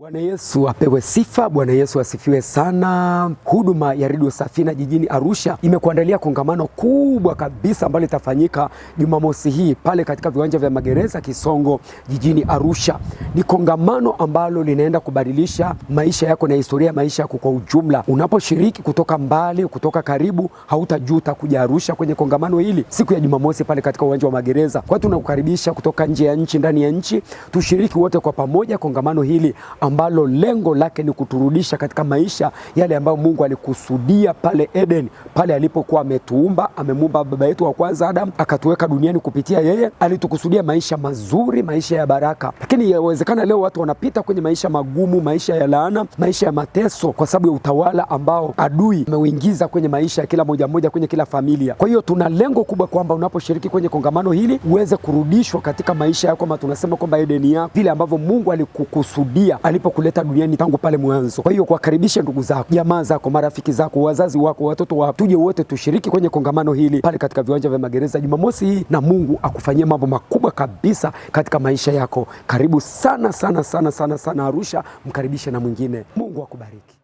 Bwana Yesu apewe sifa. Bwana Yesu asifiwe sana. Huduma ya Redio Safina jijini Arusha imekuandalia kongamano kubwa kabisa ambalo litafanyika Jumamosi hii pale katika viwanja vya magereza Kisongo jijini Arusha. Ni kongamano ambalo linaenda kubadilisha maisha yako na historia ya maisha yako kwa ujumla. Unaposhiriki kutoka mbali, kutoka karibu, hautajuta kuja Arusha kwenye kongamano hili siku ya Jumamosi pale katika uwanja wa magereza. Kwa tunakukaribisha kutoka nje ya nchi, ndani ya nchi, tushiriki wote kwa pamoja kongamano hili ambalo lengo lake ni kuturudisha katika maisha yale ambayo Mungu alikusudia pale Eden, pale alipokuwa ametuumba, amemuumba baba yetu wa kwanza Adam, akatuweka duniani kupitia yeye. Alitukusudia maisha mazuri, maisha ya baraka, lakini yawezekana leo watu wanapita kwenye maisha magumu, maisha ya laana, maisha ya mateso, kwa sababu ya utawala ambao adui ameuingiza kwenye maisha ya kila moja moja, kwenye kila familia. Kwa hiyo tuna lengo kubwa kwamba unaposhiriki kwenye kongamano hili uweze kurudishwa katika maisha yako, ama tunasema kwamba Edeni yako, vile ambavyo Mungu alikukusudia ali alipokuleta duniani tangu pale mwanzo. Kwa hiyo kuwakaribisha ndugu zako, jamaa zako, marafiki zako, wazazi wako, watoto wako, tuje wote tushiriki kwenye kongamano hili pale katika viwanja vya magereza Jumamosi hii, na Mungu akufanyie mambo makubwa kabisa katika maisha yako. Karibu sana sana sana sana sana Arusha, mkaribishe na mwingine. Mungu akubariki.